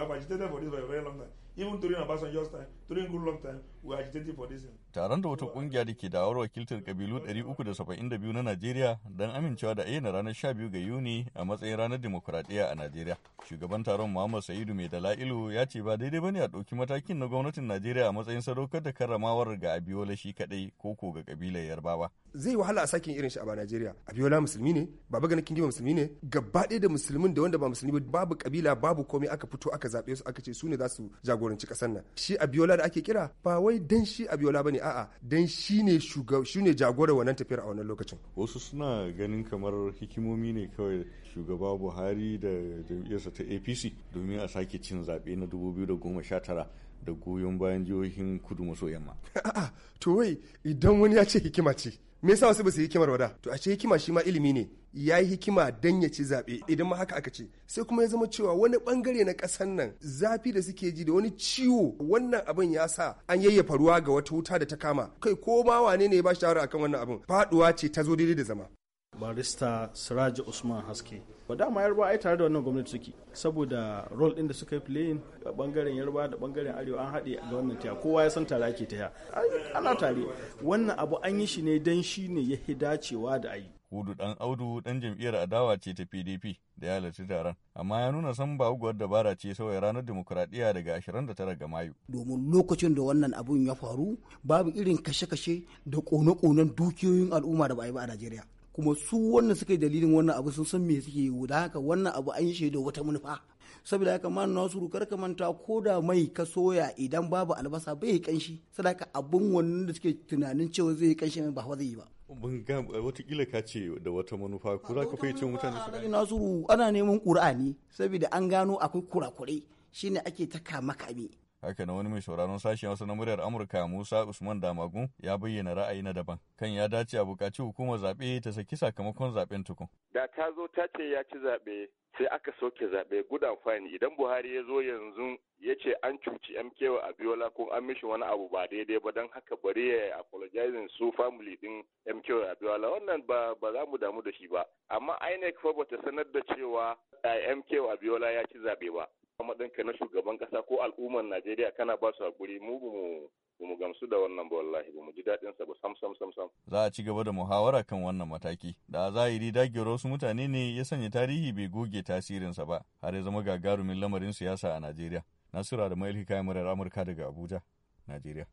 I she dated for this for a very long time. even during Obasanjo's time, during long time, we agitated for this. Taron da wata kungiya da ke dawar wakiltar kabilu 372 na Najeriya don amincewa da ayyana ranar 12 ga Yuni a matsayin ranar demokuraɗiyya a Najeriya. Shugaban taron Muhammad Sa'idu Mai Dala'ilu ya ce ba daidai bane a ɗauki matakin na gwamnatin Najeriya a matsayin sadaukar da karramawar ga Abiola shi kaɗai ko ko ga kabilar Yarbawa. Zai wahala a sakin irin shi a Najeriya. Abiola musulmi ne, Baba Gana Kingiwa musulmi ne, gaba ɗaya da musulmin da wanda ba musulmi babu kabila babu komai aka fito aka zaɓe su aka ce su ne za su jagora jagoranci kasar nan shi abiola da ake kira ba wai dan shi abiola bane a'a dan shi ne shi ne jagora wannan tafiyar a wannan lokacin wasu suna ganin kamar hikimomi ne kawai shugaba buhari da jam'iyyarsa ta apc domin a sake cin zaɓe na 2019 da goyon bayan jihohin kudu maso yamma. to wai idan wani ya ce hikima ce, me yasa wasu ba su hikimar wada? To a ce hikima shi ma ilimi ne, ya yi hikima dan ya ci zaɓe idan ma haka aka ce. Sai kuma ya zama cewa wani bangare na ƙasar nan zafi da suke ji da wani ciwo wannan abin ya sa an yayyafa ruwa ga wata wuta da ta kama. Kai ko ma wane ne ya ba shawara akan wannan abin? Faɗuwa ce ta zo daidai da zama. Barista Siraji Usman Haske. ba dama yarba ai tare da wannan gwamnati suke saboda role din da suka yi playing a bangaren yarba da bangaren arewa an haɗe ga wannan taya kowa ya san tare ake taya ana tare wannan abu an yi shi ne dan shi ne ya dacewa da ayi Hudu dan Audu dan jam'iyyar adawa ce ta PDP da ya halarci taron, amma ya nuna san ba uguwar dabara ce sauya ranar demokuraɗiyya daga tara ga Mayu. Domin lokacin da wannan abun ya faru, babu irin kashe-kashe da ƙone-ƙonen dukiyoyin al'umma da ba a yi ba a Najeriya. kuma su wannan suka yi dalilin wannan abu sun san me suke yi da haka wannan abu an yi shi da wata manufa saboda haka man nasu kar ka manta ko da mai ka soya idan babu albasa bai yi kanshi sadaka abun wannan da suke tunanin cewa zai yi mai ba zai yi ba mun ga watakila ka ce da wata manufa ko za ka fice mutane su nasuru ana neman qur'ani saboda an gano akwai kurakurai shine ake taka makami. haka na wani mai sauraron sashen wasu na muryar amurka musa usman damagun ya bayyana ra'ayi na daban kan ya dace a bukaci hukumar zaɓe ta saki sakamakon zaɓen tukun da ta zo ta ce ya ci zaɓe sai aka soke zaɓe guda fine idan buhari ya zo yanzu ya ce an cuci mk a Abiola ko an mishi wani abu ba daidai ba don haka bari ya apologizing su family din MK a Abiola wannan ba ba za mu damu da shi ba amma inec fa bata sanar da cewa eh, mk a biola ya ci zaɓe ba maɗinka na shugaban kasa ko al'ummar Najeriya kana ba su haƙuri mu ba mu gamsu da wannan ba wallahi ba mu ji daɗin sa ba sam sam sam sam. Za a ci gaba da muhawara kan wannan mataki da zahiri dagewar wasu mutane ne ya sanya tarihi bai goge tasirinsa ba har ya zama gagarumin lamarin siyasa a Najeriya. Nasura da mai Hikaya Murar Amurka daga Abuja, Najeriya.